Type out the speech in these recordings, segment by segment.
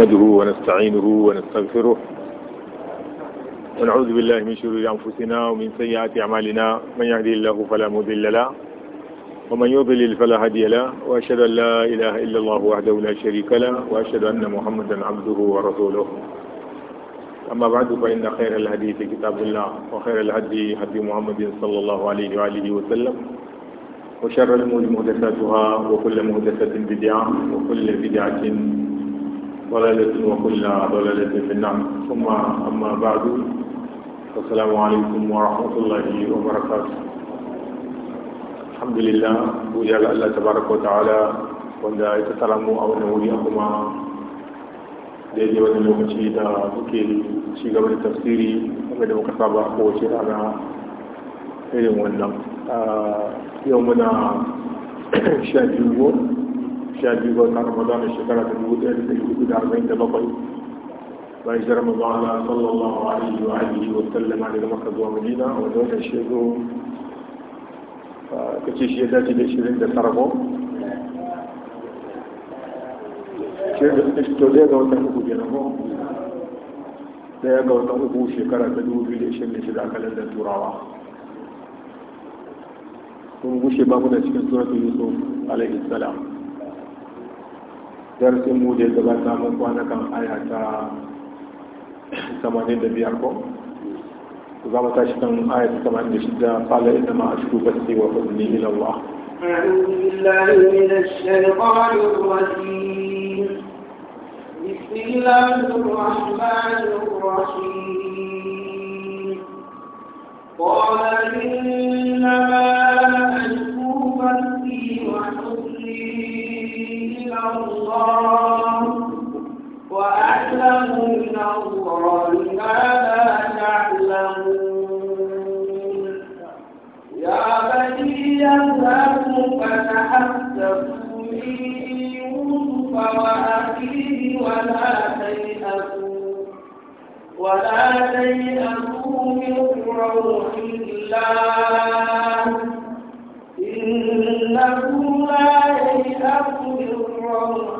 نحمده ونستعينه ونستغفره ونعوذ بالله من شرور أنفسنا ومن سيئات أعمالنا من يهدي الله فلا مضل له ومن يضلل فلا هادي له وأشهد أن لا إله إلا الله وحده لا شريك له وأشهد أن محمدا عبده ورسوله أما بعد فإن خير الهدي كتاب الله وخير الهدي هدي محمد صلى الله عليه وآله وسلم وشر الأمور محدثاتها وكل محدثة بدعة وكل بدعة ضلالة وكل ضلالة في النار ثم أما بعد السلام عليكم ورحمة الله وبركاته الحمد لله وجعل الله تبارك وتعالى wanda ya taramu a wani wuri kuma daidai wani lokaci da muke ci gaba da tafsiri game da muka saba kowace rana irin wannan yau muna sha biyu sha da bayan shi sallallahu alaihi wa alihi wa sallama daga maka zuwa madina wanda shi zo ka ce shi ya dace da shirin da da eh, ga uku ga uku shekara ta dubu biyu da da turawa sun gushe babu da cikin suratun yusuf alaihi salam darasin mu da ya kwana kan aya ta 85 ko za mu tashi kan aya ta 86 qala inna ma ashku basi wa fadli ila قال إنما أشكو بثي وحزني وأعلم من الله ما لا تعلمون يا بني يذهبوا فتحسسوا من ولا تيأسوا ولا تيأسوا من الله إنه لا ييأس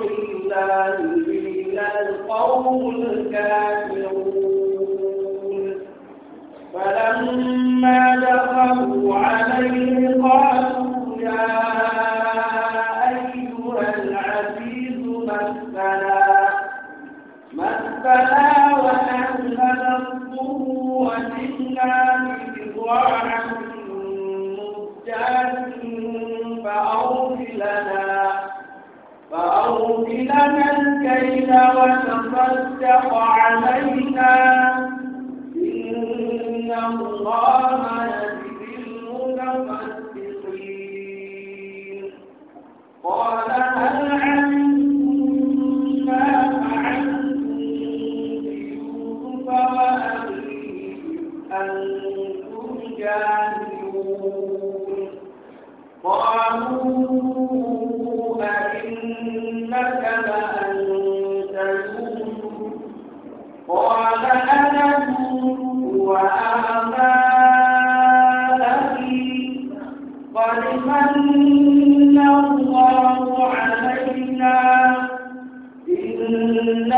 يشرع إلا القوم الكافرون فلما دخلوا عليه قالوا يا أيها العزيز مسنا مسنا وأهلنا الضر وجئنا ببضاعة مزجاة فأوفى لنا الكيل وتصدق علينا إن الله يجزي المتصدقين قال هل علمتم ما فعلتم بيوسف وأخيه أنتم جاهلون قالوا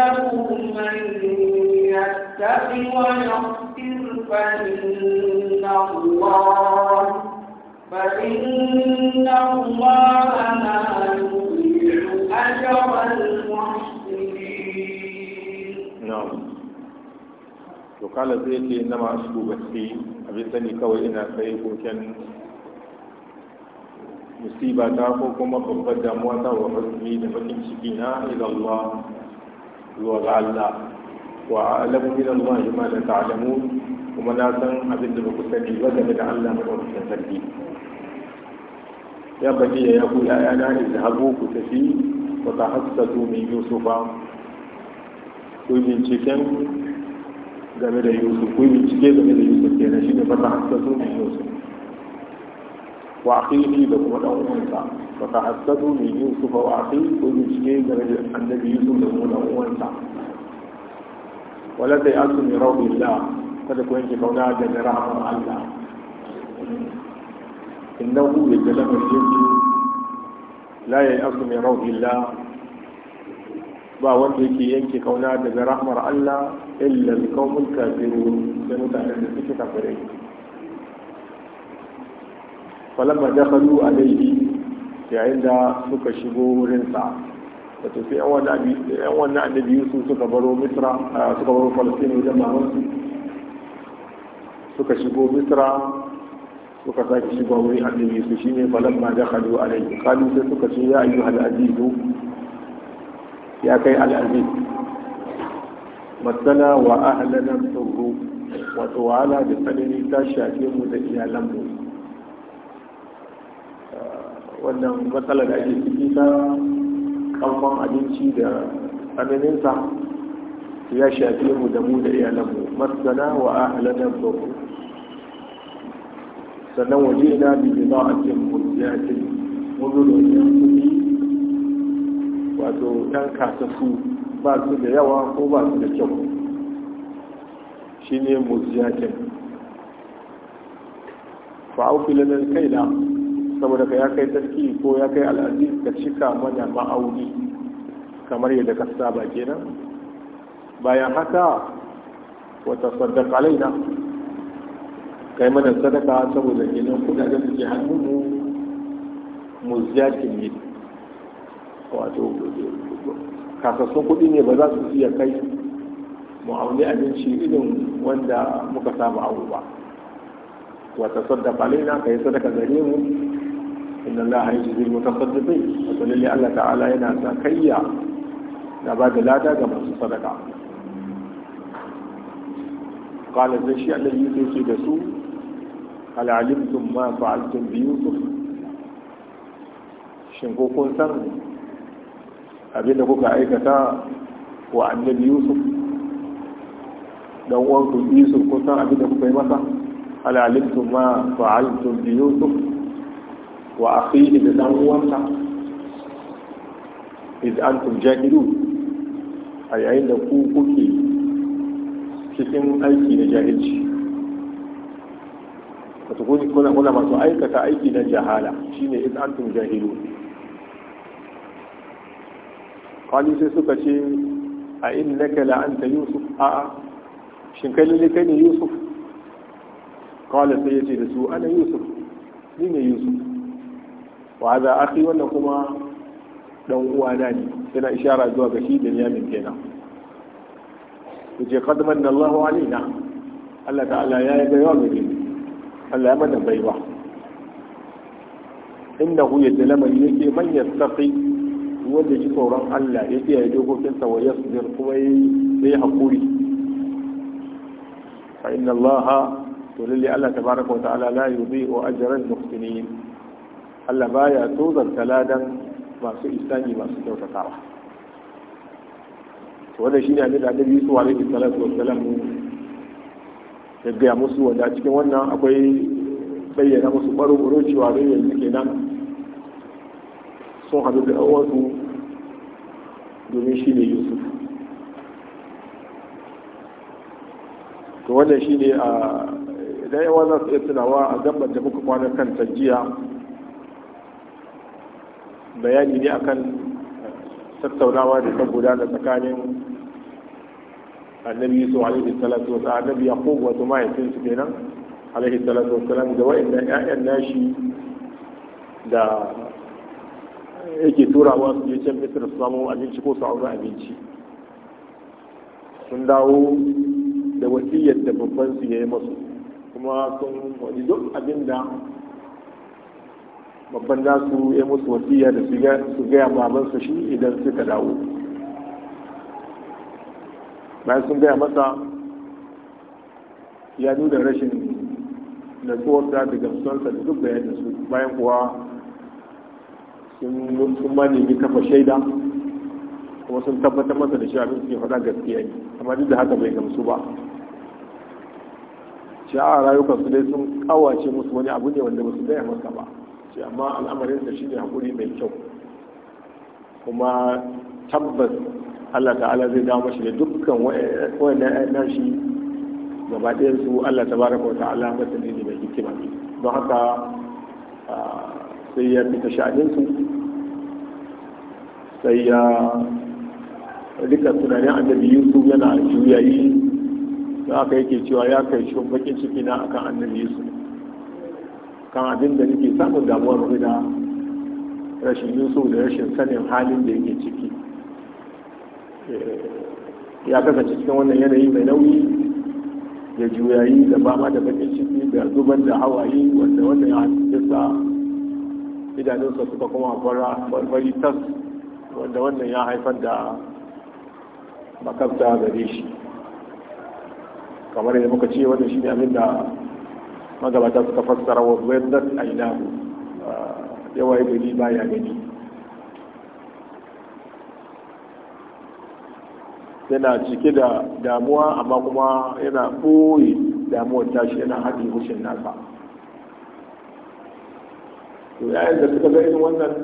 له من يتق ويغفر فإن الله فإن الله لا يضيع أجر المحسنين. نعم. to kala zai ce na masu gaske abin sani kawai ina kai koken musiba ta ko kuma babbar damuwa ta wa musulmi da bakin ciki na ilallah zuwa wa alamu min Allah shi ma da ta'alamu kuma na san abinda da ba ku ba game da Allah ba wata sarki ya bani ya yaku ya yana izhabu ku tafi wa ta hassatu min yusufa ku binciken game da yusuf ku binciken game da yusuf kenan shi ne fata hassatu min yusuf وأخيه لكم الأمونسا فتحسدوا من يوسف وأخيه ويجكي درجة النبي يوسف لكم الأمونسا ولا تيأسوا من روض الله فلكم أنت كونا جميعا الله إنه يتلم الجن لا ييأس من روح الله ba wanda yake yanke kauna daga rahmar Allah illa al-qawmul kafirun falamma dakhalu alayhi yayin da suka shigo wurinsa wato sai yan wannan annabi yan wannan annabi Yusuf suka baro Misra suka baro Palestine wajen mamansu suka shigo Misra suka sake shigo wurin annabi Yusuf shine falamma dakhalu alayhi kalu sai suka ce ya ayyuhal aziz ya kai al aziz masana wa ahlana turru wato wahala da tsanani ta shafe mu da iyalanmu wannan matsalar da ake ciki ta kamfan abinci da amininsa ya shafi mu da mu da iyalanmu masana wa ahalatar babu sannan waje na bibi za a cin mutiyatin wani lokacin kuɗi wato ɗan kasafu ba su da yawa ko ba su da kyau shi ne mutiyatin fa'aufi kai kaila saboda ka ya kai sarki ko ya kai Al'adu, ka cika mana ma'auni kamar yadda ka saba kenan bayan haka wata sadaka alaina kai mana sadaka saboda kenan kudaden da ke hannunmu mu ziyakin ne wato kasassun kuɗi ne ba za su iya kai mu auni abinci irin wanda muka samu abu ba wata sadaka ka kai sadaka gare mu inna Allah ya jizi mutasaddiqin wato lalle Allah ta'ala yana sakayya da ba da lada ga masu sadaka qala zai shi Allah yi sai da su hal alimtum ma fa'altum bi yusuf shin ko kun san abin da kuka aikata wa annabi yusuf dan uwan ku yusuf kun san abin da kuka yi masa hal alimtum ma fa'altum bi yusuf wa akhihi da dan uwansa iz antum jahilu a yayin da ku kuke cikin aiki na jahilci wato ku kuna kuna masu aikata aiki na jahala shine iz antum jahilu kwali sai suka ce a innaka la anta yusuf a'a shin kai ne kai ne yusuf kawai sai ya ce da su ana yusuf ni ne yusuf wa za akhi wannan kuma dan uwana ne yana ishara zuwa gashi shi Binyamin kenan yace qad manna Allahu alaina Allah ta'ala ya yi baiwa gare Allah ya mana baiwa innahu yatalamani yake manyan yattaqi wanda ji tsoron Allah ya kiyaye dokokinsa wa yasbir kuma yayi hakuri fa inna Allah tabaraka wa ta'ala la yudhi'u Allah baya tozarta ladan masu isani masu kyautatawa wanda shi ne abin da annabi Yusuf alaihi salatu wassalam ya gaya musu wanda cikin wannan akwai bayyana musu baro baro cewa dai yanzu kenan sun haɗu da ɗan domin shi ne Yusuf to wannan shi ne a ah, idan yawa za su iya tunawa a gaban da muka kwana kan tajiya bayani ne akan tattaunawa da ta gudana tsakanin annabi yusuf alaihi salatu wasu annabi yaqub wato mahaifinsu kenan alaihi salatu wasu salam da wa'annan ƴaƴan nashi da yake turawa su je can misir su samu abinci ko su auna abinci sun dawo da wasiyyar da babban su ya yi masu kuma sun wani duk abin da babban nasu ya musu wasiya da su gaya babansa shi idan suka dawo bayan sun gaya masa ya nuna rashin natsuwarsa da gamsuwarsa da duk bayanin su bayan kuwa sun ma nemi kafa shaida kuma sun tabbatar masa da cewa suke faɗa gaskiya ne amma duk da haka bai gamsu ba sha'a rayukan su dai sun kawace musu wani abu ne wanda ba su gaya masa ba ce amma da shi ne haƙuri mai kyau kuma tabbas allah ta'ala zai dawo mashi da dukkan wayannan nashi gaba ɗaya su allah ta baraka wata ta'ala masa ne mai hikima don haka sai ya fita sha'aninsu sai ya rika tunanin annabi yusuf yana juyayi da aka yake cewa ya kai shi bakin ciki na akan annabi yusuf kan abin da nake samun damuwar game da rashin yin so da rashin sanin halin da yake ciki eh, ya kasance cikin wannan yanayi mai nauyi da juyayi da fama da bakin ciki da zubar da hawaye wanda wannan ya sa idanunsa suka kuma farfari tas wanda wannan ya haifar da makabta gare shi kamar yadda muka ce wannan shi ne abin da magabata suka fassara wa waddat ainahu ah, yawa ya gani ya gani yana cike da damuwa amma kuma yana ɓoye damuwar tashi yana haɗin hushin nasa to yayin da suka ga irin wannan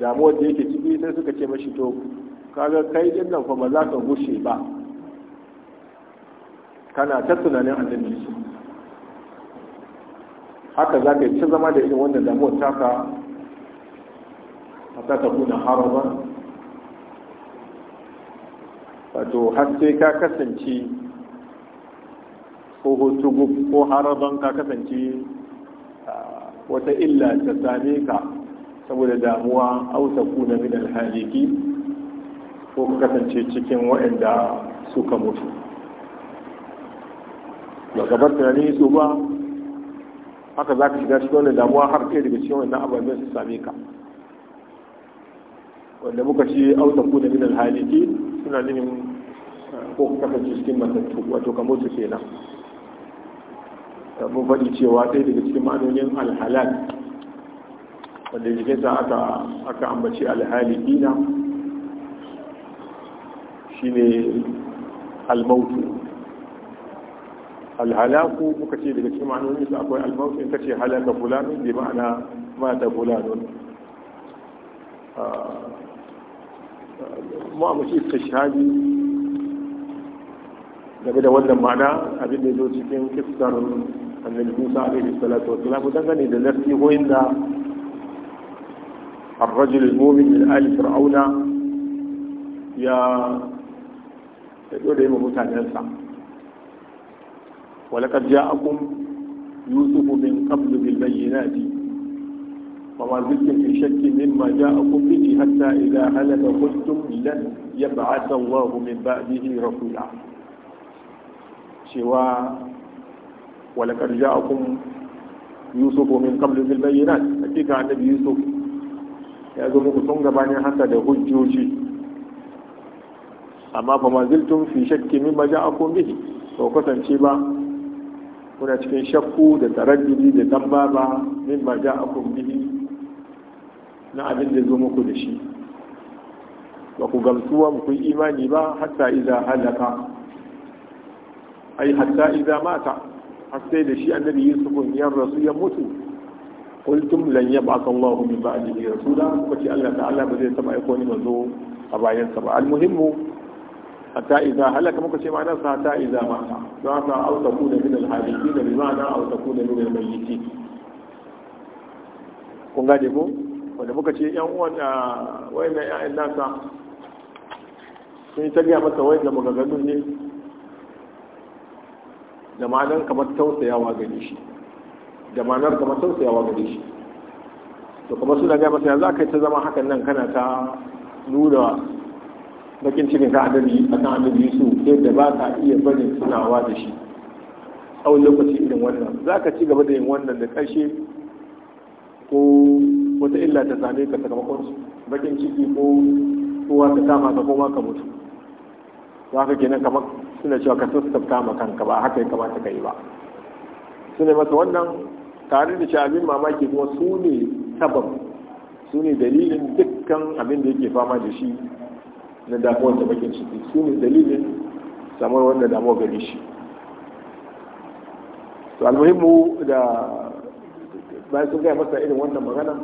damuwar da yake ciki sai suka ce mashi to kaga kai din nan fa ba za ka gushe ba kana ta tunanin annabi haka za ka yi ci zama da irin wannan damuwar taka a ta kuna haraba wato har sai ka kasance ko hutu ko haraban ka kasance wata illa ta same ka saboda damuwa auta kuna min alhaliki ko ka kasance cikin waɗanda suka mutu ba gabar tunani su ba haka za ka shiga cikin wani damuwa har kai daga cikin wannan ababen su same ka wanda muka ce auta ku da minal haliki suna nufin eh, ko ku kasance cikin matattu wato ka mutu kenan mun faɗi cewa ɗaya daga cikin ma'anonin alhalal wanda jikinsa aka aka ambaci alhalikina shine almautu alhalaku muka ce daga cikin ma'anoni su akwai almautu in kace halaka fulani bi ma'ana mata fulanun mu a mace istishhadi game da wannan ma'ana abin da ya zo cikin kiftar annabi Musa alaihi salatu wassalam dangane da nasihohin da الرجل المؤمن من آل فرعون يا يقول لهم متعنسا ولقد جاءكم يوسف من قبل بالبينات فما زلتم في شك مما جاءكم به حتى إذا هلك قلتم لن يبعث الله من بعده رسولا سوى ولقد جاءكم يوسف من قبل بالبينات حقيقة عن النبي يوسف ya zo muku sun gabanin haka da hujjoji amma fa ma ziltum fi shakki mimma ja'akum kuna cikin shakku da taraddudi da tambaba min ma ja'akum bihi na abin da zo muku da shi ba ku gamsuwa ba ku yi imani ba hatta iza halaka ai hatta iza mata har sai da shi annabi yusuf ya rasu ya mutu qultum lan yab'atha Allahu min ba'dihi rasula ce Allah ta'ala ba zai taba aiko ni manzo a bayan sa ba almuhimmu hatta idza halaka muka ce ma'anar sa hatta idza mata za haka auta ku da al-hadithi da bima'ana auta ku da al-mayyiti kun gane ko wanda muka ce yan uwan ah, wayan da ya'yan nasa sun yi tagiya masa wayan da maganganun ne da ma'anar kamar tausayawa gare shi da ma'anar kamar tausayawa gare shi to kamar suna gaya masa yanzu aka yi ta zama hakan nan kana ta nuna bakin cikin ka annabi akan annabi Yusuf yadda ba ka iya barin tunawa da shi A wani lokaci irin wannan za ka ci gaba da yin wannan da ƙarshe ko wata illa ta same ka sakamakon su, bakin ciki ko kowa ta kama ka koma ka mutu za ka kenan kamar suna cewa ka sassafta ma kanka ba haka ya kamata ka yi ba suna masa wannan tare da cewa abin mamaki kuma su ne sabab su ne dalilin dukkan abin da yake fama da shi na damuwar da bakin ciki su ne dalilin samar wanda damuwa gari shi to almuhimmu da bayan sun gaya masa irin wannan magana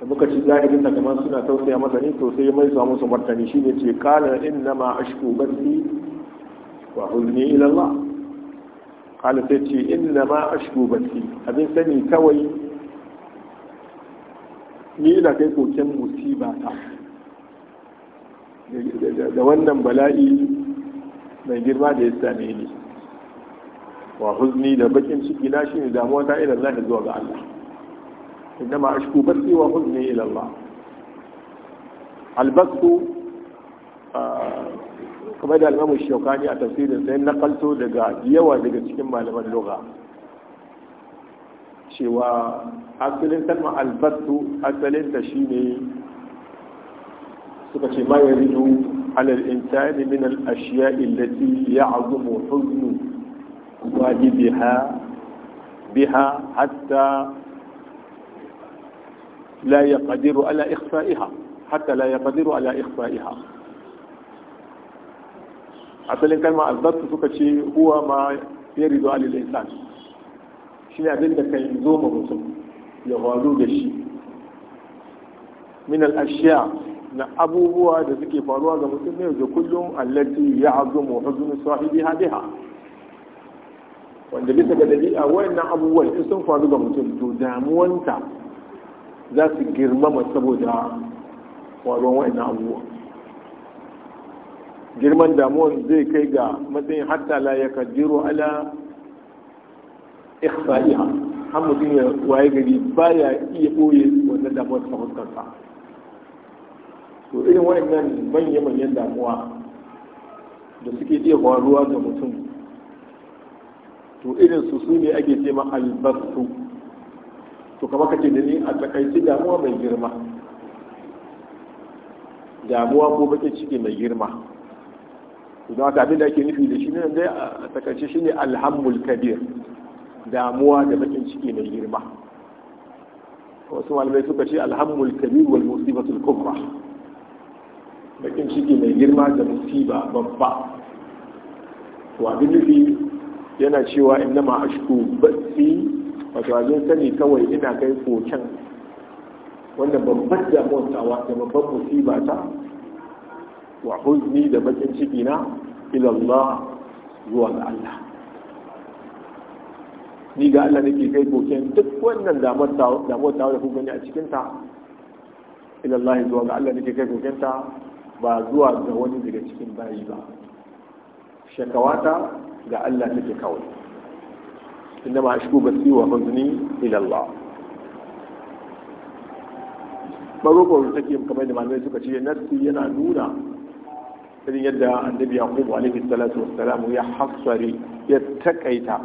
da muka ci za a da kamar suna tausaya masa ne to sai ya mai musu martani shi ne ce kala inna ma ashku basi wa hulmi ila Allah kala sai ce inna ma ashku basi abin sani kawai ni ina kai koken musiba ta da wannan bala'i mai girma da ya same ni wa huzni da bakin ciki na shi ne damuwa ta irin Allah zuwa ga Allah inda ma ashku basi wa huzni ila Allah albasu kuma da al'amu imam ne a tafsirin sai nakalto daga yawa daga cikin malaman lugha cewa asalin kalmar albasu asalin ta ne. suka ce ma ya rido alal insani min al ashiya allati ya'zumu huznu wa biha biha hatta la yaqdiru ala ikhfa'iha hatta la yaqdiru ala ikhfa'iha asalin kalma azabtu suka ce huwa ma ya rido alil insan shi ne abin da kai zo ma mutum ya faru da shi min al ashiya na abubuwa da suke faruwa ga mutum ne da kullum allati ya mu huzun sahibi hadiha wanda bisa ga dabi'a wayannan abubuwan in sun faru ga mutum to damuwanta za su girmama saboda faruwan wayannan abubuwa girman damuwan zai kai ga matsayin hatta la ya kaddiro ala ikhfa'iha har mutum ya waye gari baya iya boye wannan damuwar ta fuskarsa to irin waɗannan manya-manyan damuwa da suke iya faruwa ga mutum to irin su su ne ake ce ma to kama ka ce da ni a takaici damuwa mai girma damuwa ko bakin ciki mai girma idan aka abin da ake nufi da shi ne dai a takaice shi ne alhammul kabir damuwa da bakin ciki mai girma wasu malamai suka ce alhammul kabir wal musibatul kubra bakin ciki mai girma da musiba babba to abin nufi yana cewa inna ma ashku batsi wato abin sani kawai ina kai koken wanda babban damuwar tawa da babban musiba ta wa huzni da bakin ciki na ila Allah zuwa ga Allah ni ga Allah nake kai kokan duk wannan damuwar tawa da kuka gani a cikinta, ta zuwa ga Allah nake kai koken ba zuwa ga wani daga cikin bayi ba shakawata ga Allah take kawai inda ma ashku basi wa huzni ila Allah da take kamar da malamai suka ce nassi yana nuna irin yadda annabi yaqub alaihi salatu wassalam ya hafsari ya takaita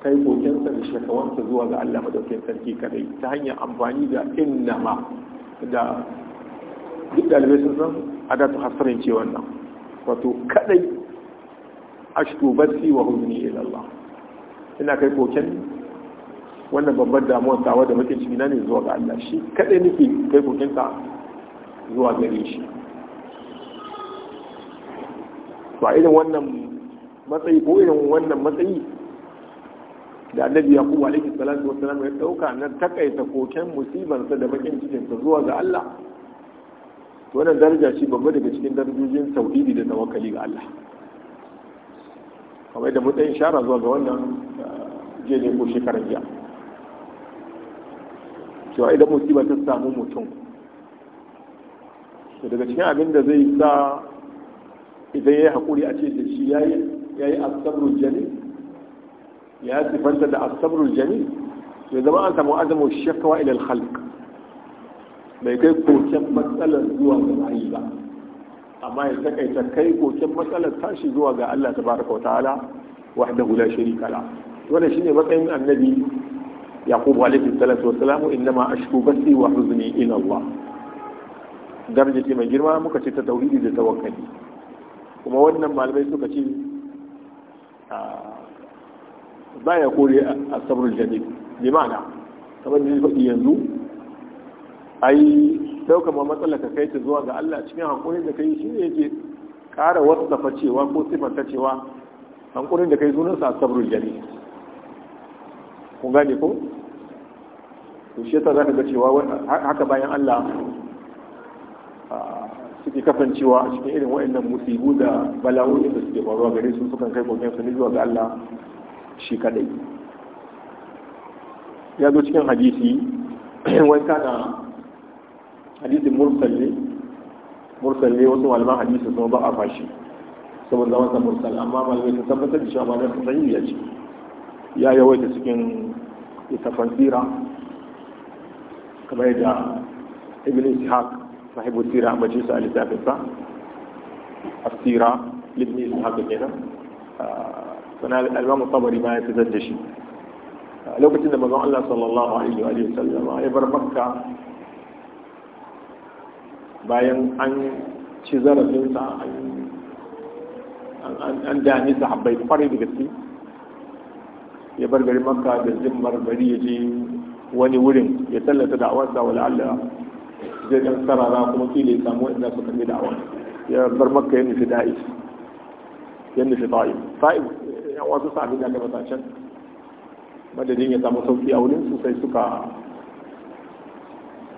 kai kokensa da shakawansa zuwa ga Allah madaukakin sarki kadai ta hanyar amfani da innama da duk dalibai sun san a datu hasarin ce wannan wato kadai ashku si wa hulmini ila ina kai koken wannan babbar damuwar tawa da mutum ciki na ne zuwa ga Allah shi kadai nufi kai koken ta zuwa gare shi ba irin wannan matsayi ko irin wannan matsayi da annabi kuwa alaikis salatu salamu ya dauka na takaita koken musibansa da bakin cikinsa zuwa ga Allah to wannan daraja ce babba daga cikin darajojin tauhidi da tawakkali ga Allah kamar da mun shara zuwa ga wannan eh, je ne ko shekarar jiya cewa idan musiba ta samu mutum to daga cikin abin da zai sa idan ya yi haƙuri a ce da shi ya yi asabru jani ya sifanta da asabru jani to zama an samu azamu shakawa ila al-khalq bai kai koken matsalar zuwa ga bayi ba amma ya takaita kai koken matsalar tashi zuwa ga Allah Ta baraka wa ta'ala da gula shiri la wannan shine matsayin annabi yaqub alaihi salatu wassalamu ma ashku basi wa huzni ila Allah darje ce mai girma muka ce ta tauhidi da tawakkali kuma wannan malamai suka ce ah, ya kore a sabrul jadid bi ma'ana kamar da faɗi yanzu ai dauka ma matsala ka kai ta zuwa ga Allah cikin hankulin da kai shi ne yake ƙara wasafa cewa ko sifanta cewa hankulin da kai sunan sa sabrul jami kun gane ko to shi ta zaka ga cewa haka bayan Allah suke kasancewa a cikin irin waɗannan musibu da bala'o'in da suke faruwa gare su sukan kai kokarin su ne zuwa ga Allah shi kadai ya zo cikin hadisi wai kana hadisi mursal ne wasu malaman hadisi sun ba a fashi saboda zaman sa mursal amma malamai sun tabbatar da shawar da sun sanya ce ya yawaita cikin littafan sira kamar yadda ibn ishaq sahibu sira a majalisa a littafin sa asira ibn ishaq kenan ah, sana al-imam tabari ma ya fitar da shi ah, lokacin da mazan Allah sallallahu alaihi wa sallama ya bar makka bayan an ci zarafinsa an dami sahabbai kwarai da gaske ya bar gari maka da zimmar gari ya je wani wurin ya tallata da da'awarsa wa la'alla zai ɗan sarara kuma kila ya samu wanda su da da'awa ya bar maka ya nufi da'is ya nufi ta'if ta'if yan wasu sa'adin da gaba can madadin ya samu sauki a wurin su sai suka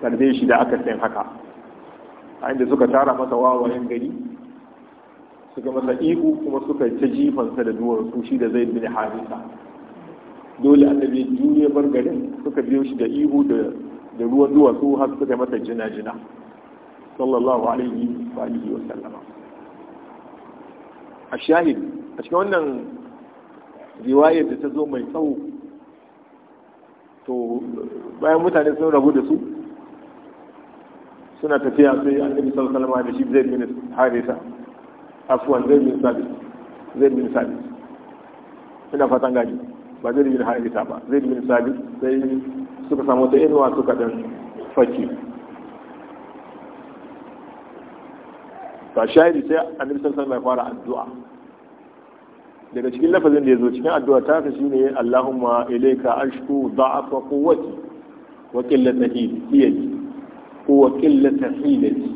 karbe shi da aka sayan haka a inda suka tara masa wawayen gari suka masa ihu kuma suka ta jifansa da duwar shi da zai bin harisa dole tabi duniya bar garin suka biyo shi da ihu da da ruwan duwatsu har suka mata jina-jina sallallahu alaihi wa alihi wa sallama a shahid a cikin wannan riwayar da ta zo mai tsawo to bayan mutane sun rabu da su suna tafiya sai an sallallahu alaihi salama da shi zai bin harisa afwan zai bin sabit zai bin sabit ina fatan gaji ba zai bin harisa ba zai bin sabit sai suka samu ta inuwa suka dan faki ba shahidi sai an sallallahu alaihi salama ya fara addu'a daga cikin lafazin da ya zo cikin addu'a ta ka shine Allahumma ilayka ashku da'afa quwwati wa qillata hiyati wa qillata hilati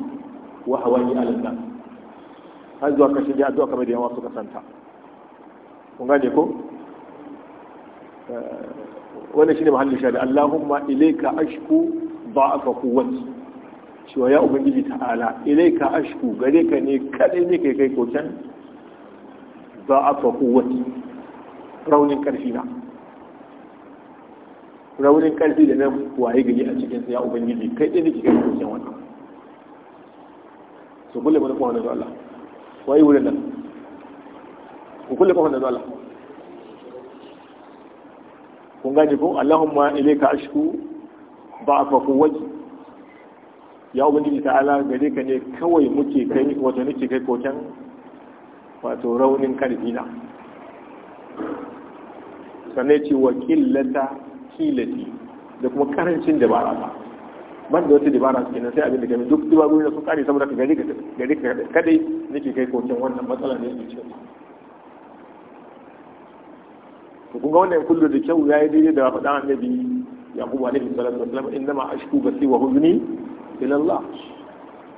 wa hawa'i al-nas har zuwa kashe da addu'a kamar da yawa suka santa kun gane ko wannan shine mahallin shari Allahumma ilayka ashku da'afa quwwati cewa ya ubangiji ta'ala ilayka ashku gare ka ne kadai ne kai kai kocan da'afa quwwati raunin karfi na raunin karfi da nan waye gari a cikin ya ubangiji kai ɗin da cikin kusan wani. su kulle mana kuma da Allah waye wurin nan ku kulle kuma da Allah kun gane ko Allahumma ilayka ashku faku quwwati ya ubangiji ta'ala gare ka ne kawai muke kai wata nake kai koken wato raunin karfi na sannan ce wa hilati da kuma karancin dabara ba ban da wata dabara su kenan sai abin da game duk dabarori da sun kare saboda ka gari gari kadai nake kai kocin wannan matsala ne su ce to kun wannan kullu da kyau yi daidai da faɗa annabi yaqubu alaihi salatu wasallam ashku basi wa huzni ila Allah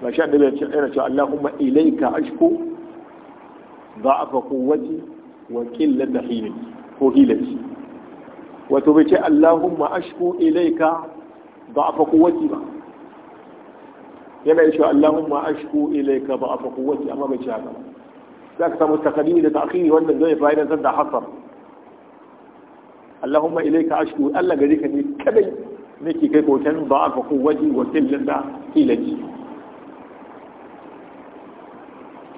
ba da yana cewa Allahumma ilaika ashku da'afa quwwati wa qillata hilati ko hilati wato bai ce Allahumma ashku ilaika faku wati ba yana cewa Allahumma ashku ilaika faku wati amma bai ce haka za ka samu takadimi da ta'khiri wannan zai fa'idan da hasar Allahumma ilaika ashku Allah gari ka ne kadai nake kai koken faku wati wa da ilaji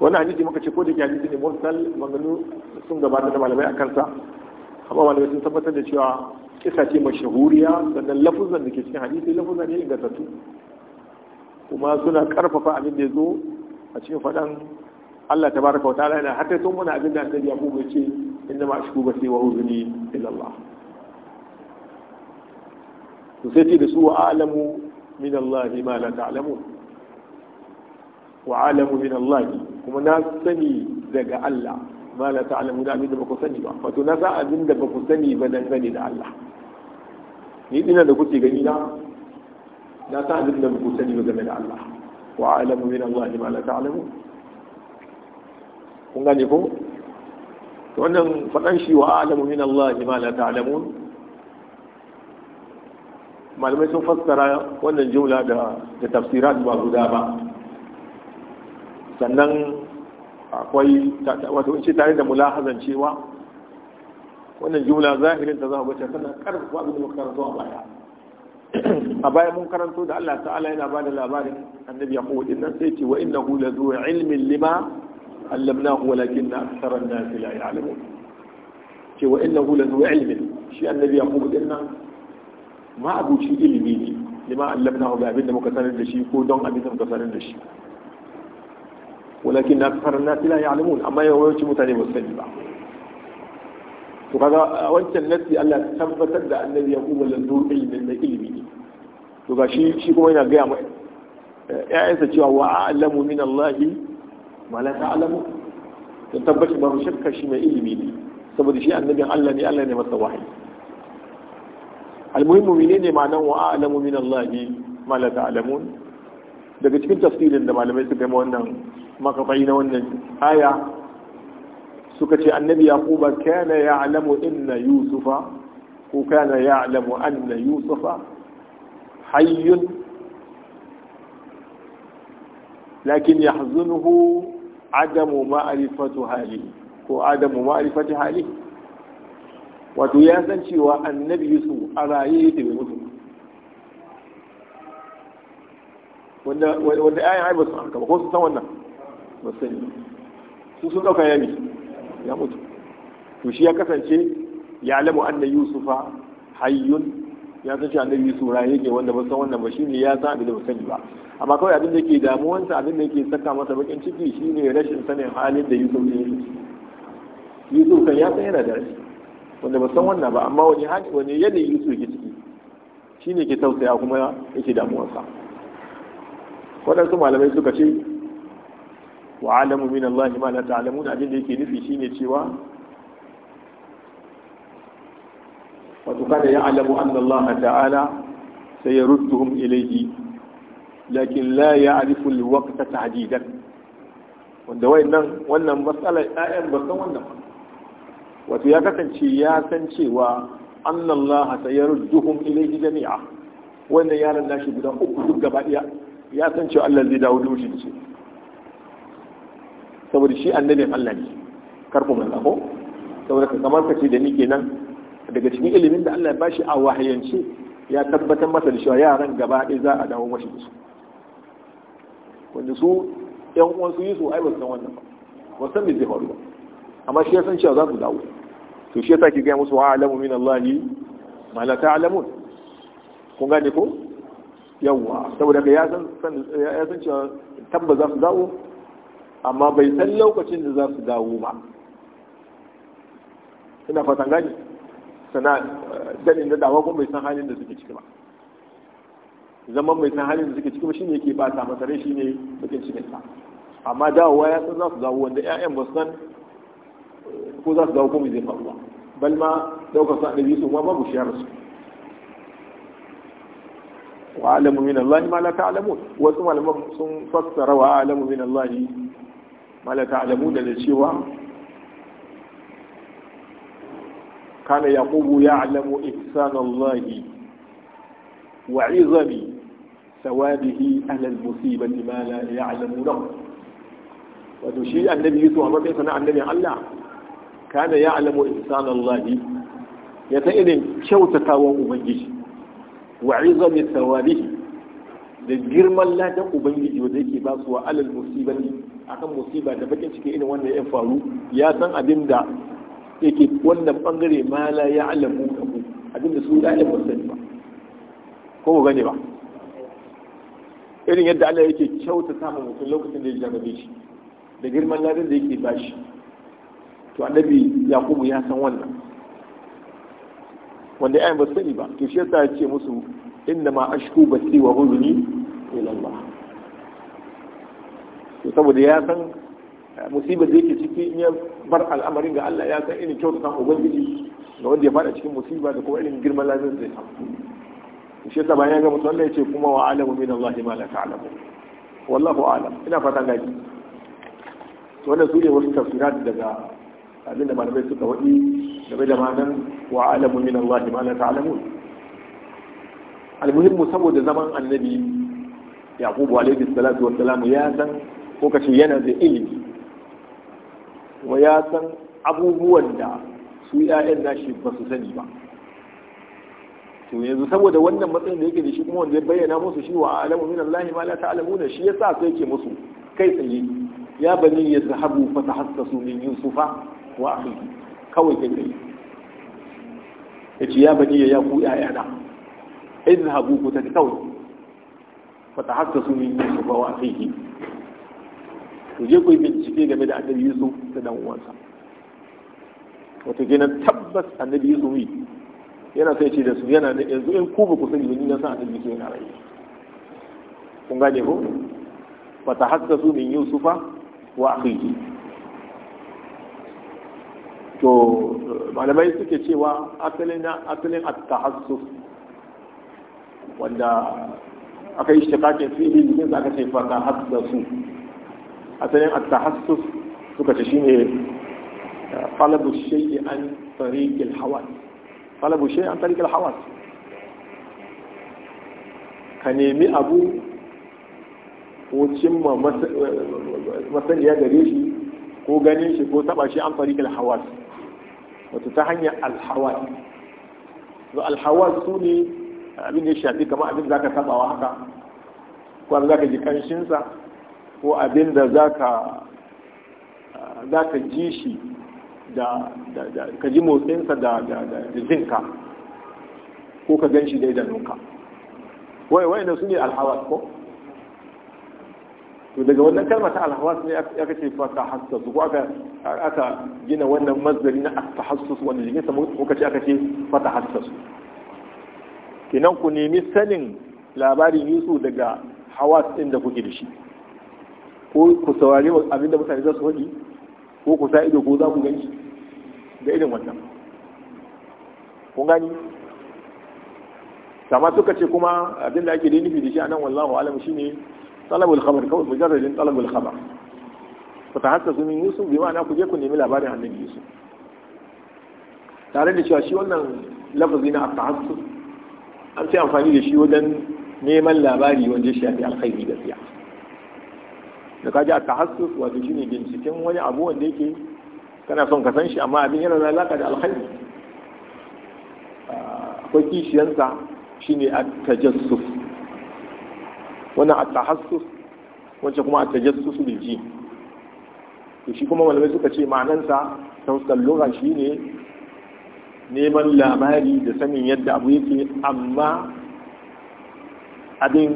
wannan hadisi muka ce ko da hadisi ne mursal maganu sun gabata da malamai a kansa. amma malamai sun tabbatar da cewa kisa ce mashahuriya sannan lafuzan da ke cikin hadisi lafuzan ne ga ingantattu kuma suna karfafa abin da ya zo a cikin faɗan Allah ta baraka wa ta'ala yana hatta sun muna abin da annabi ya kuma ce inda ma ashku basi wa uzuni ila Allah to sai ce da su wa alamu min Allah ma la ta'lamun wa alamu min Allah kuma na sani daga Allah ma la ta'lamu da abin da ba ku sani ba wato na abin da ba ku sani ba dan sani da Allah ni da kuke gani na na sa abin da ba ku sani ba game da Allah wa a'lamu min Allah ma la ta'lamu kun gane ko wannan fadan shi wa a'lamu min Allah ma la ta'lamun malamai sun fassara wannan jumla da da tafsirat ba guda ba sannan akwai wato in ce tare da mulahazan cewa wannan jumla zahirin ta za ku ce tana karfafa abin da muka karanto a baya a baya mun karanto da Allah ta'ala yana ba da labarin annabi yaqub din nan sai ce wa innahu hula zuwa ilmin lima allamnahu walakin akthara an fila ya alamu. ce wa innahu hula zuwa ilmin shi annabi yaqub din nan ma abuci ilimi ne lima allamnahu ga abin da muka sanar da shi ko don abin da muka sanar da shi walakin na kasar nasi la ya'lamun amma yawanci mutane ba su sani ba to kaga wancan nasi Allah tabbatar da annabi ya kuma lanzu ilmin da ilimi ne to ga shi shi kuma yana gaya ma eh, ƴaƴansa cewa wa a'lamu min Allah ma la ta'lamu to tabbaci ba shi mai ilimi ne saboda shi annabin Allah ne Allah ne masa wahayi almuhimmu menene ma'anan wa a'lamu min Allah ma la ta'lamun daga cikin tafsirin da malamai suka gama wannan makafai na wannan aya suka ce annabi yaquba kana ya'lamu inna yusufa ko kana ya'lamu anna yusufa hayyun lakin yahzunuhu adamu ma'rifatu hali, ko adamu ma'rifati hali? wato ya san cewa annabi yusuf a raye da mutu wanda ya yi haifu su haka ba ko su san wannan ba su sani su sun dauka ya ne ya mutu to shi ya kasance ya alamu da yusufa hayyun ya san shi annabi yusuf ra yake wanda ba san wannan ba shine ya san abin da ba sani ba amma kawai abin da ke damuwansa abin da yake saka masa bakin ciki shine rashin sanin halin da yusuf ne yusuf kan ya san yana da rashi wanda ba san wannan ba amma wani hali wani yanayi yusuf yake ciki shine ke tausaya kuma yake damuwarsa waɗansu malamai suka ce wa alamu min Allah ma la ta'lamun abin da yake nufi shine cewa wato kada ya alamu anna Allah ta'ala sayarudduhum ilayhi lakin la ya'rifu al-waqta tahdidan wanda wayannan wannan matsala ayyan ba san wannan wato ya kasance ya san cewa anna Allah sayarudduhum ilayhi jami'a wannan yaran nashi guda uku duk gaba daya ya san cewa Allah zai dawo da shi, saboda shi annabin Allah ne karfu mai lako saboda ka kamar kace da ni kenan daga cikin ilimin da Allah ya bashi a wahayance ya tabbatar masa da cewa yaran gaba ɗaya za a dawo mashi da su wanda su yan uwan su yi su ai san wannan ba ba san me zai faru ba amma shi ya san cewa za su dawo to shi sa ki ga musu wa alamu min Allah ma la ta'lamun kun gane ko yawa saboda ka ya san cewa tabba za su dawo amma bai san lokacin da za su dawo ba ina fatan gani sana dalilin da dawa kuma bai san halin da suke ciki ba zaman mai san halin da suke ciki ba shine yake bata masa rai shine bakin cikin sa amma dawowa ya san za su dawo wanda ƴaƴan ba san ko za su dawo ko me zai faruwa balma bal ma daukar sa su ma babu shiyar su wa alamu min Allah ma la ta'lamun wasu malaman sun fassara wa alamu min Allah ma la ta'lamun da cewa kana yaqubu ya'lamu ihsan Allah wa 'izami ثوابه على المصيبة ما لا يعلمونه وتشيء النبي يسوع ما كيف صنع النبي الله كان يعلم إنسان الله يتئذن شوتك وأمجيش wa ثوابه da girman ladan ubangiji wanda yake ba su wa alal musibati akan musiba da bakin cike irin wannan ya faru ya san abin da yake wannan bangare ma la ya'lamu kabu abin da su da ya ba sani ba ko ba gane ba irin yadda Allah yake kyauta samun mutum lokacin da ya jarrabe shi da girman ladan da yake bashi to annabi yakubu ya san wannan wanda ayan ba sani ba to shi yasa ya ce musu inda ma ashku ba wa huzuni ila Allah to saboda ya san eh, musibar da yake ciki in ya bar al'amarin ga Allah ya san irin kyautata ubangiji ga wanda ya fada cikin musiba da kuma irin girman lafiyar da ya samu shi yasa bayan ya ga mutum Allah ya ce kuma wa alamu min Allah ma la ta'lamu wallahu alam ina fata gaji. to wannan su ne wasu tafsirat daga abinda malamai suka waɗi game da manan wa alamun min Allah ma la ta'lamun almuhimmu saboda zaman annabi yaqubu alaihi salatu wassalam ya san ko kace yana da ilimi wa ya san abubuwan da su ƴaƴan nashi ba su sani ba to yanzu saboda wannan matsayin da yake da shi kuma wanda ya bayyana musu shi wa alamun min Allah ma la ta'lamun shi yasa sai yake musu kai tsaye ya bani yazhabu fatahassasu min yusufa wa akhi kawai kai kai ce ya bani ya ku ayana hagu ku ta kawai haka su ne su ba wa yi to je ku bincike game da annabi yusuf da dan uwansa wata gina tabbas annabi yusuf yi yana sai ce da su yana da yanzu in ku ba ku sani ba ni na san annabi yusuf yana rai kun gane ko haka su ne yusufa wa akhihi to malamai suke cewa asalin na asalin at-tahassuf wanda aka yi shikakin fili jikin aka ce fata haddasu asalin at-tahassuf suka ce shine talabu shay'i an tariq al-hawas talabu shay'i an tariq al-hawas ka nemi abu ko cimma masaniya gare shi ko ganin shi ko taba shi an tariq al-hawas wato ta hanyar alhawa to alhawa su ne abin da ya shafi kamar abin zaka tabawa haka ko abin zaka ji kanshinsa ko abin da zaka zaka ji shi da ka ji motsinsa da jinka ko ka gan shi da idanunka wai wai da su ne alhawa ko to daga wannan kalma ta alhawas ne aka ce fa tahassus ko aka aka gina wannan mazdari na tahassus wanda jikin sa muka ce aka ce fa tahassus Kinan ku nemi sanin labarin Yusuf daga hawas din da kuke da shi ko ku saurari abin da mutane za su faɗi ko ku sa ido ko za ku gani da irin wannan kun gani sama suka ce kuma abin da ake da nufi da shi nan wallahu alam shine talabul khabar kawai mujarradin talabul khabar ku ta haska sunan yusuf bi ma'ana ku je ku nemi labarin annabi tare da cewa shi wannan lafazi na at an fi amfani da shi wajen neman labari wanda ya shafi alkhairi da siya da kaji at-tahassus wato ne binciken wani abu wanda yake kana son ka san shi amma abin yana da alaka da alkhairi akwai kishiyansa shine at-tajassuf wannan a tahassus wacce kuma a tajassus bil ji to shi kuma malamai suka ce ma'anansa ta fuskar lura shine neman labari da sanin yadda abu yake amma abin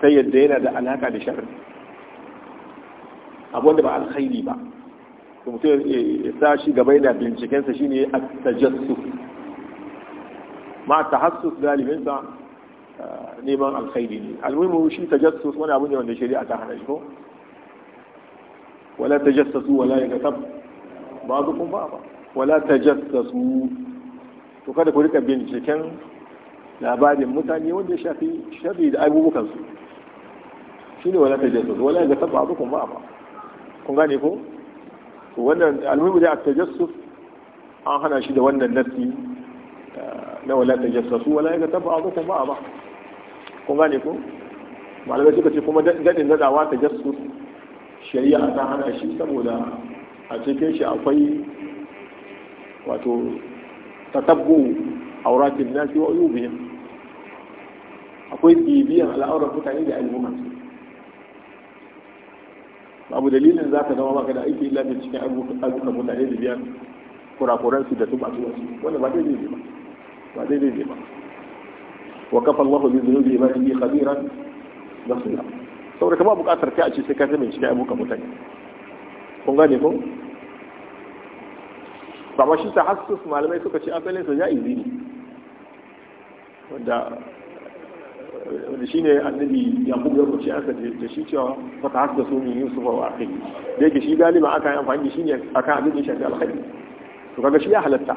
sai yadda yana da alaka da shari'a abu wanda ba alkhairi ba to mutum ya sa shi gaba yana bincikensa shine a tajassus ma tahassus galibinsa neman alkhairi ne almuhimu shi tajassus wani abu ne wanda shari'a ta hana shi ko wala tajassasu wala yakatab ba ba? wala tajassasu to kada ku rika binciken labarin mutane wanda ya shafi shari da abubukan su shine wala tajassus wala yakatab ba? ba kun gane ko to wannan almuhimu da tajassus an hana shi da wannan nasi eh, na wala tajassasu wala yakatab ba ba. kuma ne ko malamai suka ce kuma daɗin daɗawa ta jassus shari'a ta hana shi saboda a cikin shi akwai wato tatabbu auratin nasi wa uyubihim akwai bibiyan al'auran mutane da al'umma. babu dalilin za ka zama maka da aiki illa mai cikin abubuwan mutane da biyan kurakuransu da tuba wanda ba daidai ne ba ba daidai ne ba wa kafa Allah bi dhunubi ibadihi khabiran basira saboda ka ba buƙatar kai a ce sai ka zama shi da abuka mutane kun gane ko ba ma shi tahassus malamai suka ce asalin sa ja'izi ne wanda da shi ne annabi yakub ya kuce aka da shi cewa ta fa tahassasu yi yusuf wa akhi da yake shi galiba aka yi amfani da shi ne akan abin da ya shafi alkhairi to kaga shi ya halatta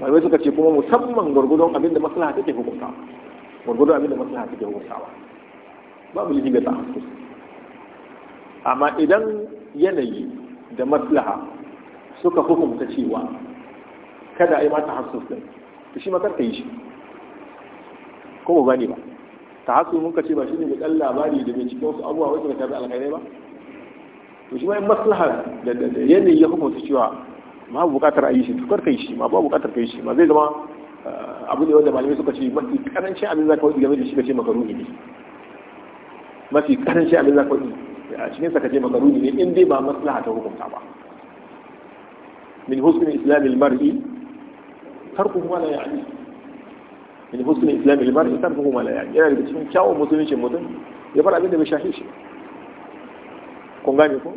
malamai suka ce kuma musamman gwargwadon abin da maslaha take hukunta gwargwadon abin da maslaha take hukuntawa babu laifi ga ta'assus amma idan yanayi da maslaha suka hukunta cewa kada a yi mata hassus din to shi makar ta yi shi ko ba gani ba ta mun ka ce ba shi ne da ɗan labari da bai cikin wasu abubuwa wacce ba ta bi alkhairai ba to shi ma in maslaha da yanayi ya hukunta cewa ma bukatar ayi shi tukar kai shi ma ba bukatar kai shi ma zai zama eh, abu ne wanda malamai suka ce mafi karancin abin za ka game da shi ka ce makaruni ne mafi karancin abin za ka wadi a cikin sa ka ce makaruni ne in dai ba maslaha ta hukunta ba min husn islam al-mar'i tarkuhu ma la ya'ni min husn islam mari tarkuhu ma la ya'ni yana cikin kyawun musulunci mutum ya fara abin da bai shafi shi kun gane ko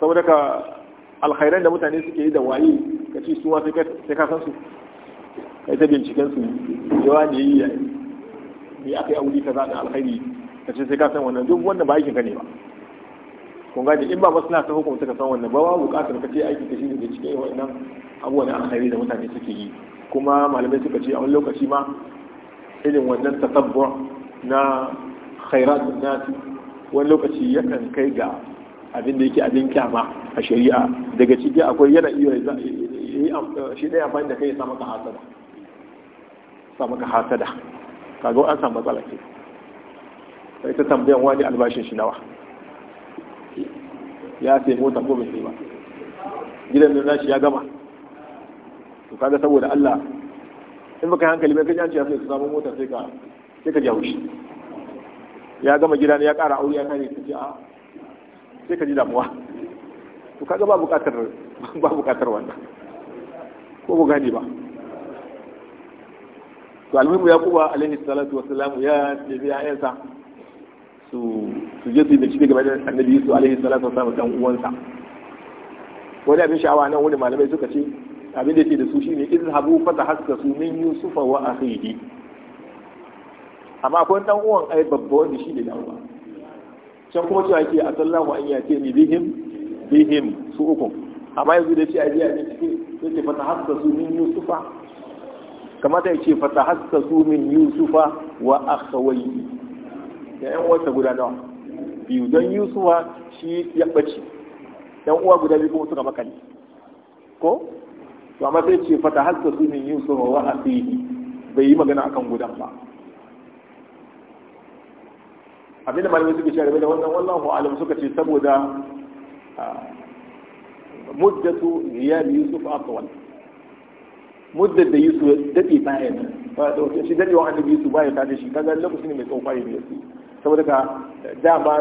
saboda ka alkhairan da mutane suke yi da waye ka ce suwa sai ka san su kai ta binciken su yawa ne yi ne aka yi auri ka da alkhairi ka ce sai ka san wannan duk wannan ba aikin ka ne ba kun gaji in ba na ta hukunta ka san wannan ba ba bukatar ka ce aiki ka shi ne da cikin wannan abubuwa na alkhairi da mutane suke yi kuma malamai suka ce a wani lokaci ma irin wannan tasabbu na khairatun nasi wani lokaci yakan kai ga abin da yake abin kyama a shari'a daga ciki akwai yana iya shi ɗaya amfani da kai samu sa maka hasada samu ka hasada kaga an samu matsala ke sai ta tambayan wani albashin shi nawa ya sai mota ko bai sai ba gidan nuna shi ya gama to kaga saboda Allah in baka hankali mai kaji an ce ya sai samu mota sai ka sai ka jawo shi ya gama gidan ya ƙara aure ya kare su ce a sai ka ji damuwa to kaga ba bukatar ba bukatar wannan ko ba gani ba to ya kuwa alaihi salatu wassalam ya ya ayyansa su su je su da shi gaba da annabi su alaihi salatu wassalam dan uwansa wani abin sha'awa nan wani malamai suka ce abin da yake da su shine izhabu su min yusufa wa akhihi amma akwai dan uwan ai babba wanda shi ne dawo can kuma cewa ke a sallahu an ce ni bihim bihim su uku amma yanzu da ce a biya ne cikin sai ce fata hasa su min yusufa Kamar ya ce fata hasa su min yusufa wa akhawai da yan uwarsa guda nawa biyu don yusufa shi ya bace yan uwa guda biyu kuma suka makali. ko to amma sai ce fata hasa su min yusufa wa akhihi bai yi magana akan gudan ba abin da malamai suka share da wannan wannan alam suka ce saboda muddatu ghiyab yusuf atwal muddar da yusuf dade baya nan ba da wata shi dadewa annabi yusuf baya ta da shi kaga lokaci ne mai tsawon kwaye da yusuf saboda ka dama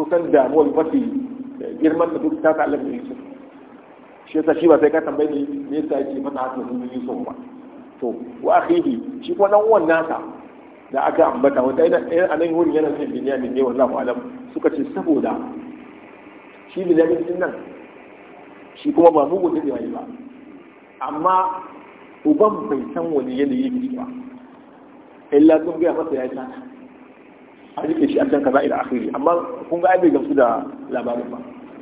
kusan damuwar mafi girman da duk ta ta'allaka da yusuf shi yasa shi ba sai ka tambaye ni me yasa yake mata haka da yusuf ba to wa akhihi shi kuma dan uwan nasa da aka ambata wanda ɗaya a nan wurin yana cikin binyamin ne wallahu alam suka ce saboda shi binyamin din nan shi kuma ba mugu da yi ba amma uban bai san wani yi yake ba illa sun gaya masa ya ta a rike shi a can kaza ila akhiri amma kun ga bai gamsu da labarin ba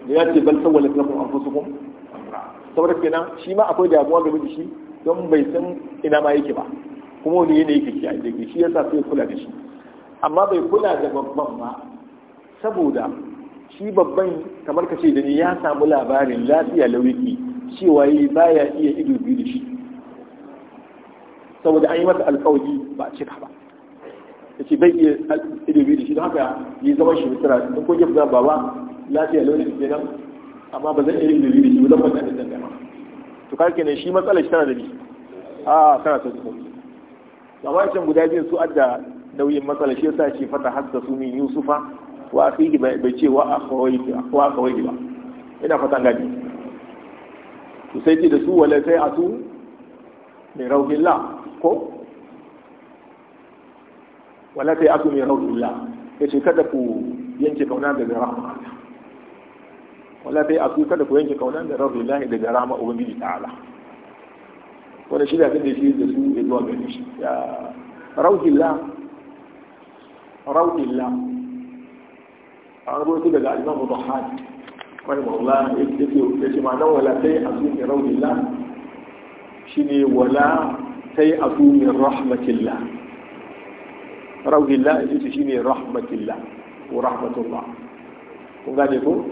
da ya ce bal sawwala lakum anfusukum saboda kenan shi ma akwai damuwa game da shi don bai san ina ma yake ba kuma wani yanayi kake a jirgi shi yasa sai kula da shi amma bai kula da babban ba saboda shi babban kamar ka ce da ni ya samu labarin lafiya lauriki cewa yi baya iya ido biyu da shi saboda an yi masa alkawari ba a cika ba ya ce bai iya ido biyu da shi don haka yi zama shi mutura don ko ba ba ba lafiya lauriki ke nan amma ba zan iya ido biyu da shi ba zan ba da zan gama to kake ne shi matsalar shi tana da ni a ah, tana ta zuwa wancan guda biyu su adda nauyin matsala shi yasa shi fata hatta su min yusufa wa akhihi bai ce wa akhawaiti wa akhawaiti ba ina fata gani to sai ce da su wala sai asu min la ko wala sai asu min rauhillah yace kada ku yanke kauna daga rahama wala sai asu kada ku yanke kauna daga rauhillah daga rahmar ubangiji ta'ala wani shi da abin da shi da su ne zuwa gare shi ya rauhillah rauhillah a rubutu daga alimamu mutu hajji wani maula ya ce ma nan wala sai a su ne shi ne wala sai a su rahmatilla rahmatillah ya ce shi ne rahmatilla ko rahmatulla kun gane ko